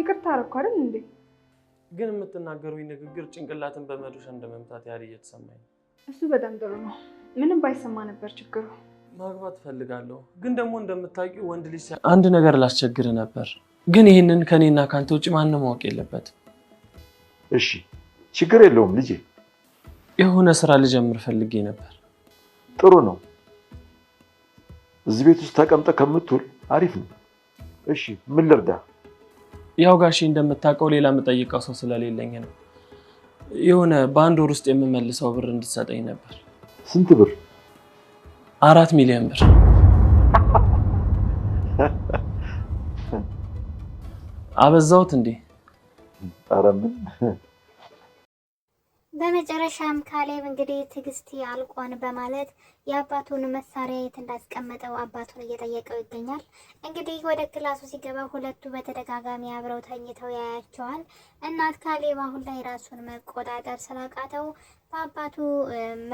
ይቅርታ አደረኩ አይደል እንዴ? ግን የምትናገሩኝ ንግግር ጭንቅላትን በመዶሻ እንደመምታት ያህል እየተሰማኝ ነው። እሱ በጣም ጥሩ ነው። ምንም ባይሰማ ነበር ችግሩ። ማግባት እፈልጋለሁ፣ ግን ደግሞ እንደምታውቂው ወንድ ልጅ አንድ ነገር ላስቸግር ነበር፣ ግን ይህንን ከእኔና ከአንተ ውጭ ማንም ማወቅ የለበትም። እሺ፣ ችግር የለውም ልጄ። የሆነ ስራ ልጀምር ፈልጌ ነበር። ጥሩ ነው። እዚህ ቤት ውስጥ ተቀምጠ ከምትውል አሪፍ ነው። እሺ፣ ምን ልርዳ? ያው ጋሼ እንደምታውቀው ሌላ የምጠይቀው ሰው ስለሌለኝ ነው። የሆነ በአንድ ወር ውስጥ የምመልሰው ብር እንድትሰጠኝ ነበር። ስንት ብር? አራት ሚሊዮን ብር። አበዛውት እንዴ? ኧረ ምን በመጨረሻም ካሌብ እንግዲህ ትዕግስት አልቆን በማለት የአባቱን መሳሪያ የት እንዳስቀመጠው አባቱን እየጠየቀው ይገኛል። እንግዲህ ወደ ክላሱ ሲገባ ሁለቱ በተደጋጋሚ አብረው ተኝተው ያያቸዋል። እናት ካሌብ አሁን ላይ ራሱን መቆጣጠር ስላቃተው በአባቱ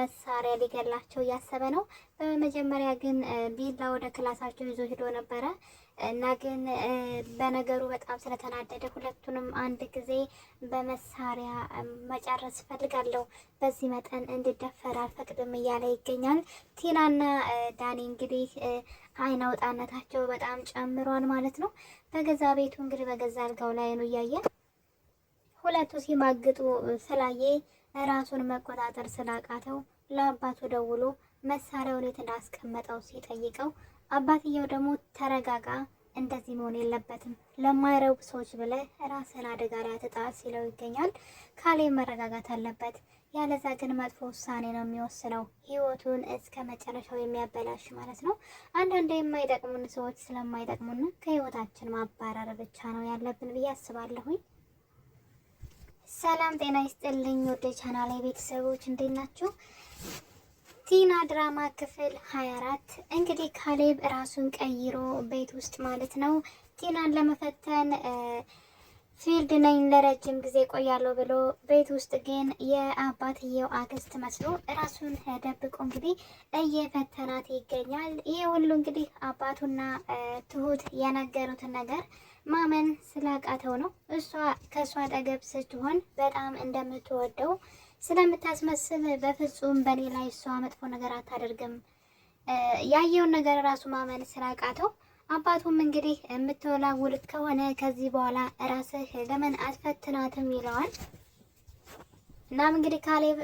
መሳሪያ ሊገላቸው እያሰበ ነው። በመጀመሪያ ግን ቢላ ወደ ክላሳቸው ይዞ ሂዶ ነበረ። እና ግን በነገሩ በጣም ስለተናደደ ሁለቱንም አንድ ጊዜ በመሳሪያ መጨረስ ፈልጋለሁ፣ በዚህ መጠን እንድደፈር አልፈቅድም እያለ ይገኛል። ቲናና ዳኒ እንግዲህ አይን አውጣነታቸው በጣም ጨምሯል ማለት ነው። በገዛ ቤቱ እንግዲህ በገዛ አልጋው ላይ ነው እያየን ሁለቱ ሲማግጡ ስላየ ራሱን መቆጣጠር ስላቃተው ለአባቱ ደውሎ መሳሪያውን የት እንዳስቀመጠው ሲጠይቀው አባትየው ደግሞ ተረጋጋ፣ እንደዚህ መሆን የለበትም ለማይረቡ ሰዎች ብለህ ራስን አደጋ ላይ አትጣል ሲለው ይገኛል። ካሌ መረጋጋት አለበት፣ ያለዛ ግን መጥፎ ውሳኔ ነው የሚወስነው፣ ህይወቱን እስከ መጨረሻው የሚያበላሽ ማለት ነው። አንዳንድ የማይጠቅሙን ሰዎች ስለማይጠቅሙን ከህይወታችን ማባረር ብቻ ነው ያለብን ብዬ አስባለሁኝ። ሰላም ጤና ይስጥልኝ ወደ ቻናሌ ቤተሰቦች እንዴት ናችሁ? ቲና ድራማ ክፍል 24 እንግዲህ ካሌብ ራሱን ቀይሮ ቤት ውስጥ ማለት ነው ቲናን ለመፈተን ፊልድ ነኝ ለረጅም ጊዜ ቆያለሁ ብሎ ቤት ውስጥ ግን የአባትየው አክስት መስሎ ራሱን ደብቆ እንግዲህ እየፈተናት ይገኛል። ይህ ሁሉ እንግዲህ አባቱና ትሁት የነገሩትን ነገር ማመን ስላቃተው ነው። እሷ ከእሷ አጠገብ ስትሆን በጣም እንደምትወደው ስለምታስመስል በፍጹም በኔ ላይ እሷ መጥፎ ነገር አታደርግም። ያየውን ነገር ራሱ ማመን ስላቃተው አባቱም እንግዲህ የምትወላውልት ከሆነ ከዚህ በኋላ ራስህ ለምን አትፈትናትም ይለዋል። እናም እንግዲህ ካሌብ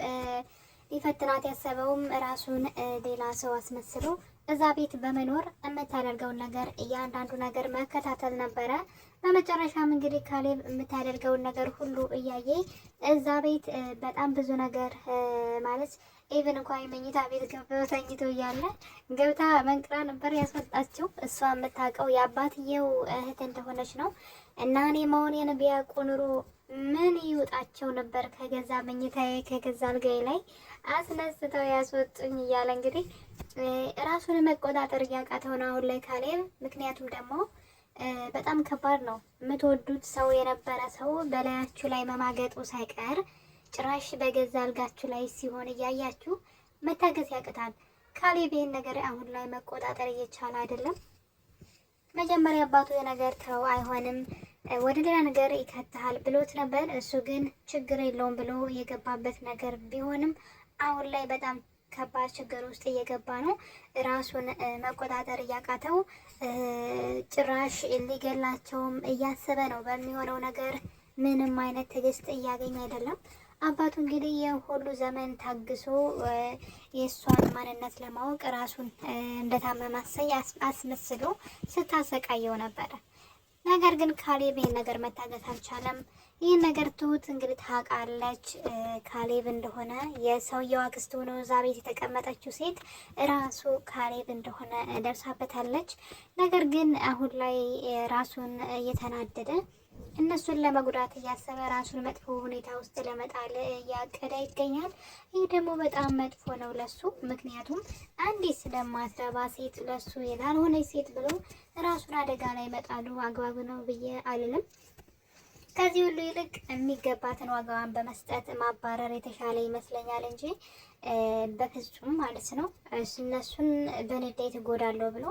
ሊፈትናት ያሰበውም ራሱን ሌላ ሰው አስመስሎ እዛ ቤት በመኖር የምታደርገውን ነገር እያንዳንዱ ነገር መከታተል ነበረ። በመጨረሻም እንግዲህ ካሌብ የምታደርገውን ነገር ሁሉ እያየ እዛ ቤት በጣም ብዙ ነገር ማለት ኢቨን እንኳን የመኝታ ቤት ገብቶ ተኝቶ እያለ ገብታ መንቅራ ነበር ያስወጣችው። እሷ የምታውቀው የአባትየው እህት እንደሆነች ነው እና እኔ መሆኔን ቢያውቁ ኑሮ ምን ይወጣቸው ነበር ከገዛ መኝታዬ ከገዛ አልጋዬ ላይ አስነስተው ያስወጡኝ እያለ እንግዲህ ራሱን መቆጣጠር ነው አሁን ላይ ካሌብ። ምክንያቱም ደግሞ በጣም ከባድ ነው። የምትወዱት ሰው የነበረ ሰው በላያችሁ ላይ መማገጡ ሳይቀር ጭራሽ በገዛ አልጋችሁ ላይ ሲሆን እያያችሁ መታገስ ያቅታል። ካሌብ ይህን ነገር አሁን ላይ መቆጣጠር እየቻለ አይደለም። መጀመሪያ አባቱ የነገር ተው አይሆንም ወደ ሌላ ነገር ይከትሃል ብሎት ነበር። እሱ ግን ችግር የለውም ብሎ የገባበት ነገር ቢሆንም አሁን ላይ በጣም ከባድ ችግር ውስጥ እየገባ ነው። ራሱን መቆጣጠር እያቃተው፣ ጭራሽ ሊገላቸውም እያሰበ ነው። በሚሆነው ነገር ምንም አይነት ትዕግስት እያገኝ አይደለም። አባቱ እንግዲህ የሁሉ ዘመን ታግሶ የእሷን ማንነት ለማወቅ ራሱን እንደታመማሰይ አስመስሎ ስታሰቃየው ነበረ። ነገር ግን ካሌብ ይህን ነገር መታገት አልቻለም። ይህን ነገር ትሁት እንግዲህ ታውቃለች ካሌብ እንደሆነ የሰውየው አክስት ሆኖ እዛ ቤት የተቀመጠችው ሴት ራሱ ካሌብ እንደሆነ ደርሳበታለች። ነገር ግን አሁን ላይ ራሱን እየተናደደ እነሱን ለመጉዳት እያሰበ ራሱን መጥፎ ሁኔታ ውስጥ ለመጣል እያቀደ ይገኛል። ይህ ደግሞ በጣም መጥፎ ነው ለሱ። ምክንያቱም አንዲት ስለማትረባ ሴት ለሱ ያልሆነ ሴት ብሎ ራሱን አደጋ ላይ መጣሉ አግባብ ነው ብዬ አልልም። ከዚህ ሁሉ ይልቅ የሚገባትን ዋጋዋን በመስጠት ማባረር የተሻለ ይመስለኛል እንጂ በፍጹም ማለት ነው እነሱን በንዴት እጎዳለሁ ብሎ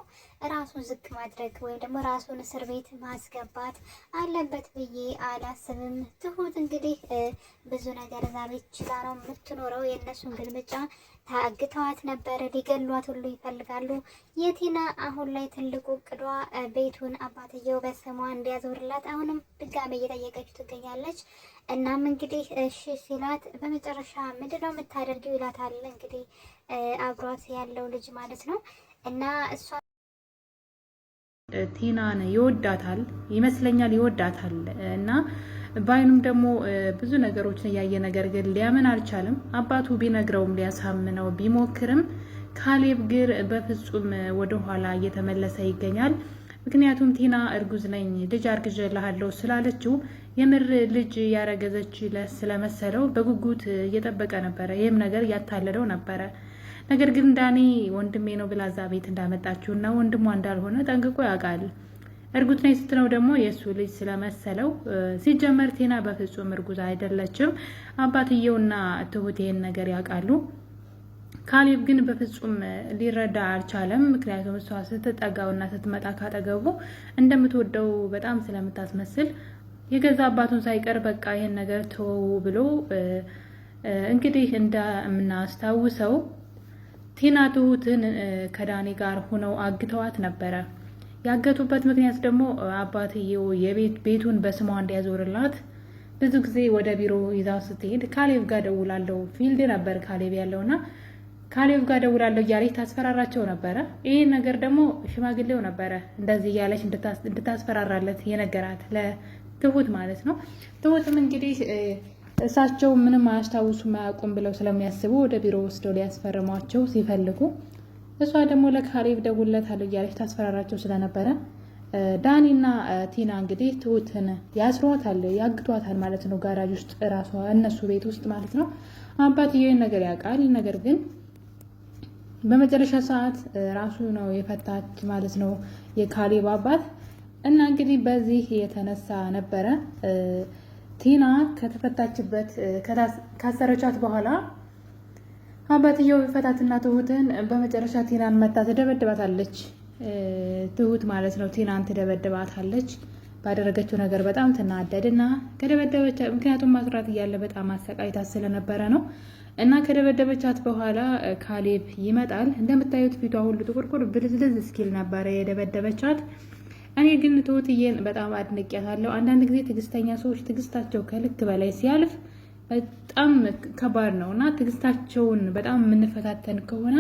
ራሱን ዝቅ ማድረግ ወይም ደግሞ ራሱን እስር ቤት ማስገባት አለበት ብዬ አላስብም። ትሁት እንግዲህ ብዙ ነገር እዛ ቤት ችላ ነው የምትኖረው። የእነሱን ግልምጫ ታግተዋት ነበር። ሊገሏት ሁሉ ይፈልጋሉ። የቲና አሁን ላይ ትልቁ እቅዷ ቤቱን አባትየው በስሟ እንዲያዞርላት አሁንም ድጋሜ እየጠየቀች ትገኛለች። እናም እንግዲህ እሺ ሲላት በመጨረሻ ምንድነው የምታደርጊው ይላታል። እንግዲህ አብሯት ያለው ልጅ ማለት ነው እና እሷ ቲናን ይወዳታል ይመስለኛል፣ ይወዳታል እና ባይኑም ደግሞ ብዙ ነገሮችን እያየ ነገር ግን ሊያምን አልቻለም። አባቱ ቢነግረውም ሊያሳምነው ቢሞክርም ካሌብ ግን በፍጹም ወደኋላ እየተመለሰ ይገኛል። ምክንያቱም ቲና እርጉዝ ነኝ ልጅ አርግዤልሃለሁ ስላለችው የምር ልጅ ያረገዘች ስለመሰለው በጉጉት እየጠበቀ ነበረ። ይህም ነገር እያታለለው ነበረ። ነገር ግን እንዳኔ ወንድሜ ነው ብላ እዛ ቤት እና ወንድሟ እንዳልሆነ ጠንቅቆ ያውቃል። እርጉት ነኝ ስትለው ደግሞ የእሱ ልጅ ስለመሰለው ሲጀመር ቴና በፍጹም እርጉዝ አይደለችም። አባትየውና ትሁት ይሄን ነገር ያውቃሉ። ካሌብ ግን በፍጹም ሊረዳ አልቻለም። ምክንያቱም እሷ ስትጠጋውና ስትመጣ ካጠገቡ እንደምትወደው በጣም ስለምታስመስል የገዛ አባቱን ሳይቀር በቃ ይሄን ነገር ተወው ብሎ እንግዲህ እንደምናስታውሰው ቲና ትሁትን ከዳኒ ጋር ሆነው አግተዋት ነበረ። ያገቱበት ምክንያት ደግሞ አባትየው የቤት ቤቱን በስሟ እንዲያዞርላት ብዙ ጊዜ ወደ ቢሮ ይዛው ስትሄድ ካሌቭ ጋር ደውላለው ፊልድ ነበር ካሌቭ ያለውና ካሌቭ ጋር ደውላለው እያለች ታስፈራራቸው ነበረ። ይህ ነገር ደግሞ ሽማግሌው ነበረ እንደዚህ እያለች እንድታስፈራራለት የነገራት ለትሁት ማለት ነው። ትሁትም እንግዲህ እሳቸው ምንም አያስታውሱ አያውቁም ብለው ስለሚያስቡ ወደ ቢሮ ወስደው ሊያስፈርሟቸው ሲፈልጉ እሷ ደግሞ ለካሌብ ደውልለታለሁ እያለች ታስፈራራቸው ስለነበረ ዳኒና ቲና እንግዲህ ትሁትን ያስሯታል፣ ያግቷታል ማለት ነው። ጋራጅ ውስጥ እራሷ እነሱ ቤት ውስጥ ማለት ነው። ይህን ነገር ያውቃል። ነገር ግን በመጨረሻ ሰዓት ራሱ ነው የፈታች ማለት ነው የካሌብ አባት እና እንግዲህ በዚህ የተነሳ ነበረ ቲና ከተፈታችበት ካሰረቻት በኋላ አባትየው ፈታትና ትሁትን በመጨረሻ ቲናን መታ ትደበድባታለች። ትሁት ማለት ነው። ቲናን ትደበድባታለች። ባደረገችው ነገር በጣም ትናደድና ከደበደበቻ ምክንያቱም ማስራት እያለ በጣም አሰቃይታት ስለነበረ ነው። እና ከደበደበቻት በኋላ ካሌብ ይመጣል። እንደምታዩት ፊቷ ሁሉ ጥቁርቁር ብልዝልዝ እስኪል ነበረ የደበደበቻት እኔ ግን ትሁትዬን በጣም አድንቄያታለሁ። አንዳንድ ጊዜ ትዕግስተኛ ሰዎች ትዕግስታቸው ከልክ በላይ ሲያልፍ በጣም ከባድ ነው እና ትዕግስታቸውን በጣም የምንፈታተን ከሆነ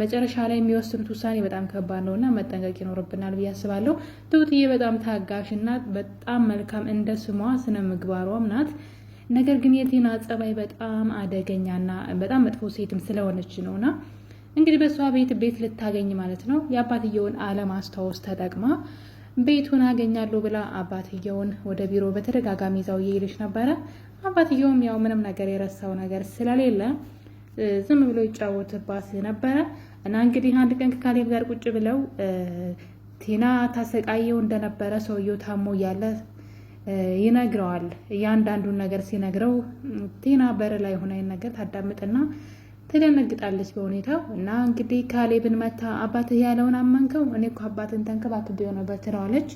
መጨረሻ ላይ የሚወስኑት ውሳኔ በጣም ከባድ ነው እና መጠንቀቅ ይኖርብናል ብዬ አስባለሁ። ትሁትዬ በጣም ታጋሽ እና በጣም መልካም እንደ ስሟ ስነ ምግባሯም ናት። ነገር ግን የቴና ጸባይ በጣም አደገኛና በጣም መጥፎ ሴትም ስለሆነች ነውና እንግዲህ በእሷ ቤት ቤት ልታገኝ ማለት ነው የአባትየውን አለማስታወስ ተጠቅማ ቤቱን አገኛለሁ ብላ አባትየውን ወደ ቢሮ በተደጋጋሚ ይዛው እየሄደች ነበረ። አባትየውም ያው ምንም ነገር የረሳው ነገር ስለሌለ ዝም ብሎ ይጫወትባት ነበረ እና እንግዲህ አንድ ቀን ከካሌብ ጋር ቁጭ ብለው ቲና ታሰቃየው እንደነበረ ሰውየው ታሞ እያለ ይነግረዋል። እያንዳንዱን ነገር ሲነግረው ቴና በር ላይ ሆና ነገር ታዳምጥና ትደነግጣለች በሁኔታው እና እንግዲህ ካሌብን መታ አባትህ ያለውን አመንከው? እኔ እኮ አባትን ተንከባክቤው ነበር ትለዋለች።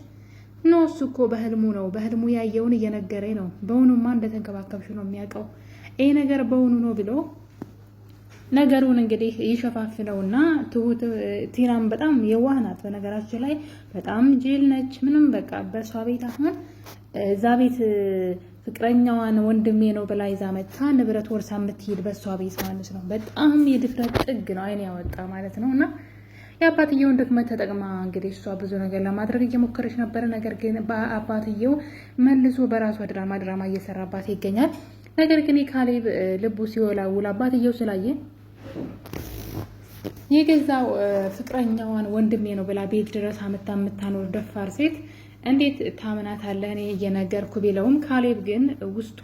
ኖ እሱ እኮ በህልሙ ነው፣ በህልሙ ያየውን እየነገረኝ ነው። በውኑማ እንደተንከባከብሽ ነው የሚያውቀው። ይህ ነገር በውኑ ነው ብሎ ነገሩን እንግዲህ ይሸፋፍነውና ትሁት ቲናም በጣም የዋህ ናት። በነገራችን ላይ በጣም ጅል ነች። ምንም በቃ በእሷ ቤት አሁን እዛ ቤት ፍቅረኛዋን ወንድሜ ነው ብላ ይዛ መታ ንብረት ወርሳ የምትሄድ በእሷ ቤት ማለት ነው። በጣም የድፍረት ጥግ ነው፣ አይን ያወጣ ማለት ነው። እና የአባትየውን ድክመት ተጠቅማ እንግዲህ እሷ ብዙ ነገር ለማድረግ እየሞከረች ነበረ። ነገር ግን በአባትየው መልሶ በራሷ ድራማ ድራማ እየሰራባት ይገኛል። ነገር ግን የካሌብ ልቡ ሲወላውል አባትየው ስላየ የገዛው ፍቅረኛዋን ወንድሜ ነው ብላ ቤት ድረስ አምታ የምታኖር ደፋር ሴት እንዴት ታምናታለህ? እኔ እየነገርኩ ቢለውም ካሌብ ግን ውስጡ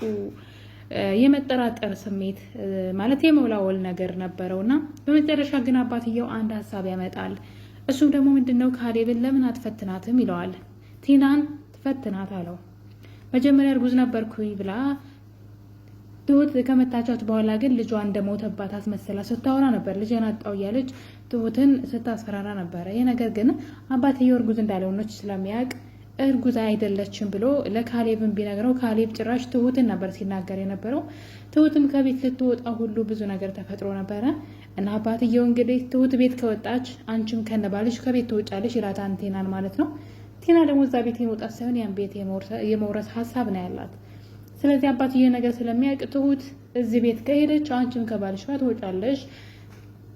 የመጠራጠር ስሜት ማለት የመውላወል ነገር ነበረው እና በመጨረሻ ግን አባትየው አንድ ሀሳብ ያመጣል። እሱም ደግሞ ምንድን ነው ካሌብን ለምን አትፈትናትም ይለዋል። ቲናን ትፈትናት አለው። መጀመሪያ እርጉዝ ነበርኩኝ ብላ ትሁት ከመታቻት በኋላ ግን ልጇ እንደሞተባት አስመስላ ስታወራ ነበር። ልጄን አጣሁ እያለች ትሁትን ስታስፈራራ ነበረ። ይህ ነገር ግን አባትየው እርጉዝ እንዳልሆነች ስለሚያውቅ እርጉዝ አይደለችም ብሎ ለካሌብን ቢነግረው ካሌብ ጭራሽ ትሁትን ነበር ሲናገር የነበረው። ትሁትም ከቤት ልትወጣ ሁሉ ብዙ ነገር ተፈጥሮ ነበረ እና አባትየው እንግዲህ ትሁት ቤት ከወጣች አንቺም ከነባልሽ ከቤት ትወጫለሽ ይላታን ቴናን ማለት ነው። ቴና ደግሞ እዛ ቤት የመውጣት ሳይሆን ያን ቤት የመውረስ ሀሳብ ነው ያላት። ስለዚህ አባትዬ ነገር ስለሚያውቅ ትሁት እዚህ ቤት ከሄደች አንቺም ከባልሽ ጋር ትወጫለሽ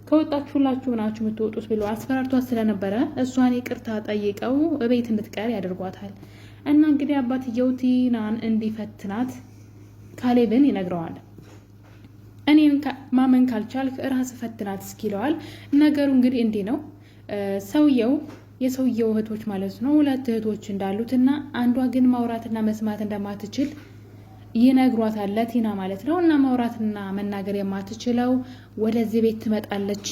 ከወጣችሁላችሁ ናችሁ የምትወጡት ብሎ አስፈራርቷት ስለነበረ እሷን ይቅርታ ጠይቀው እቤት እንድትቀር ያደርጓታል። እና እንግዲህ አባትየው ቲናን እንዲፈትናት ካሌብን ይነግረዋል። እኔን ማመን ካልቻልክ ራስ ፈትናት እስኪለዋል። ነገሩ እንግዲህ እንዲህ ነው። ሰውየው የሰውየው እህቶች ማለት ነው ሁለት እህቶች እንዳሉት እና አንዷ ግን ማውራትና መስማት እንደማትችል ይነግሯታል ለቲና ማለት ነው። እና ማውራትና መናገር የማትችለው ወደዚህ ቤት ትመጣለች።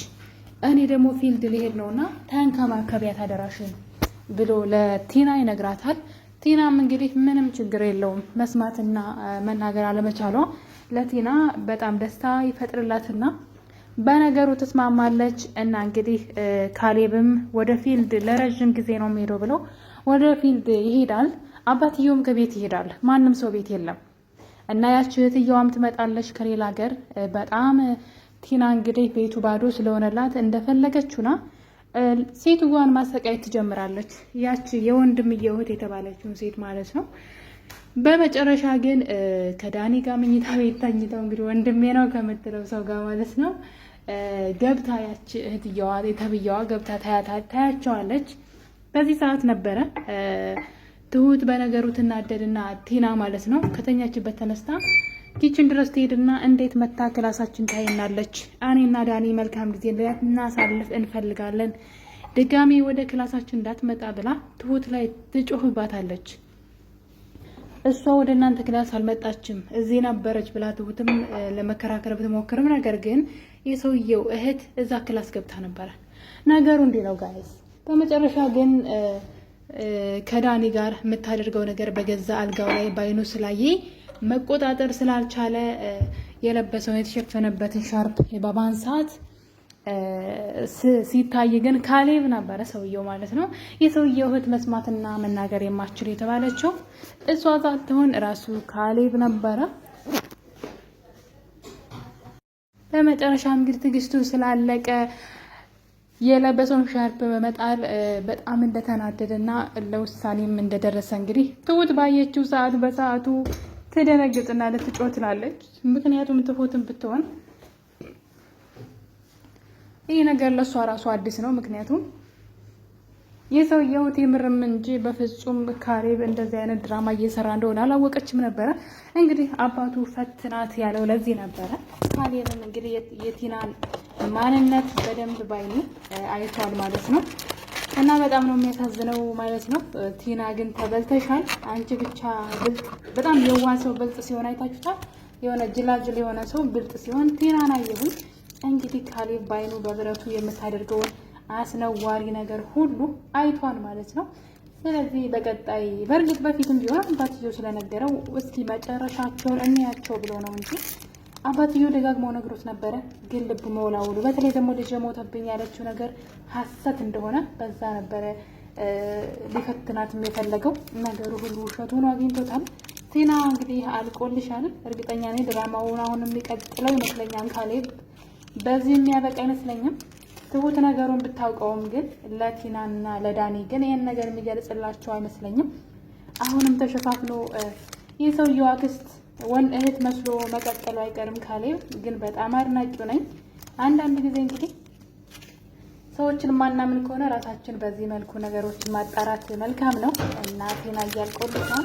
እኔ ደግሞ ፊልድ ሊሄድ ነው እና ተንከባከቢያት አደራሽን ብሎ ለቲና ይነግራታል። ቲናም እንግዲህ ምንም ችግር የለውም መስማትና መናገር አለመቻሏ ለቲና በጣም ደስታ ይፈጥርላትና በነገሩ ትስማማለች። እና እንግዲህ ካሌብም ወደ ፊልድ ለረዥም ጊዜ ነው የሚሄደው ብሎ ወደ ፊልድ ይሄዳል። አባትየውም ከቤት ይሄዳል። ማንም ሰው ቤት የለም። እና ያች እህትየዋም ትመጣለች ከሌላ ሀገር በጣም ቲና እንግዲህ ቤቱ ባዶ ስለሆነላት እንደፈለገችውና ሴትዮዋን ማሰቃየት ትጀምራለች። ያች የወንድምየው እህት የተባለችውን ሴት ማለት ነው። በመጨረሻ ግን ከዳኒ ጋር መኝታ ቤት ተኝተው እንግዲህ ወንድሜ ነው ከምትለው ሰው ጋር ማለት ነው ገብታ ያቺ እህትየዋ የተብየዋ ገብታ ታያቸዋለች። በዚህ ሰዓት ነበረ ትሁት በነገሩ ትናደድና ቲና ማለት ነው ከተኛችበት ተነስታ ኪችን ድረስ ትሄድና እንዴት መታ ክላሳችን ታይናለች። እኔና ዳኒ መልካም ጊዜ እናሳልፍ እንፈልጋለን፣ ድጋሜ ወደ ክላሳችን እንዳትመጣ ብላ ትሁት ላይ ትጮህባታለች። እሷ ወደ እናንተ ክላስ አልመጣችም እዚህ ነበረች ብላ ትሁትም ለመከራከር ብትሞክርም ነገር ግን የሰውየው እህት እዛ ክላስ ገብታ ነበረ። ነገሩ እንዲህ ነው ጋይስ። በመጨረሻ ግን ከዳኒ ጋር የምታደርገው ነገር በገዛ አልጋው ላይ ባይኑ ስላየ መቆጣጠር ስላልቻለ የለበሰውን የተሸፈነበትን ሻርፕ የባባን ሰዓት ሲታይ ግን ካሌብ ነበረ ሰውየው ማለት ነው። የሰውየው እህት መስማትና መናገር የማችል የተባለችው እሷ ሳትሆን እራሱ ካሌብ ነበረ። በመጨረሻ እንግዲህ ትግስቱ ስላለቀ የለበሰውን ሻርፕ በመጣል በጣም እንደተናደደና ለውሳኔም እንደደረሰ እንግዲህ ትሁት ባየችው ሰዓት በሰዓቱ ትደነግጥና ልትጮህ ትላለች። ምክንያቱም ትሁትም ብትሆን ይህ ነገር ለእሷ ራሱ አዲስ ነው። ምክንያቱም የሰውየው ቴምርም እንጂ በፍጹም ካሬብ እንደዚህ አይነት ድራማ እየሰራ እንደሆነ አላወቀችም ነበረ። እንግዲህ አባቱ ፈትናት ያለው ለዚህ ነበረ። ካሌብም እንግዲህ የቲናን ማንነት በደንብ ባይኑ አይቷል ማለት ነው። እና በጣም ነው የሚያሳዝነው ማለት ነው። ቲና ግን ተበልተሻል። አንቺ ብቻ ብልጥ፣ በጣም የዋ ሰው ብልጥ ሲሆን አይታችሁታል። የሆነ ጅላጅል የሆነ ሰው ብልጥ ሲሆን ቲናን አየሁኝ። እንግዲህ ካሌብ ባይኑ በብረቱ የምታደርገውን አስነዋሪ ነገር ሁሉ አይቷል ማለት ነው። ስለዚህ በቀጣይ በእርግጥ በፊትም ቢሆን አባትየው ስለነገረው እስኪ መጨረሻቸውን እንያቸው ብሎ ነው እንጂ አባትየው ደጋግመው ነግሮት ነበረ፣ ግን ልብ መውላውሉ በተለይ ደግሞ ልጅ ሞተብኝ ያለችው ነገር ሀሰት እንደሆነ በዛ ነበረ ሊፈትናት የፈለገው ነገሩ ሁሉ ውሸት ሆኖ አግኝቶታል። ቴና እንግዲህ አልቆልሻል። እርግጠኛ ነኝ ድራማውን አሁን የሚቀጥለው ይመስለኛል። ካሌብ በዚህ የሚያበቃ አይመስለኝም። ትሁት ነገሩን ብታውቀውም ግን ለቲናና ለዳኒ ግን ይህን ነገር የሚገልጽላቸው አይመስለኝም። አሁንም ተሸፋፍኖ የሰውየው አክስት ወን እህት መስሎ መቀጠሉ አይቀርም። ካሌብ ግን በጣም አድናቂው ነኝ። አንዳንድ ጊዜ እንግዲህ ሰዎችን ማናምን ከሆነ ራሳችን በዚህ መልኩ ነገሮችን ማጣራት መልካም ነው እና ዜና እያልቆልት ነው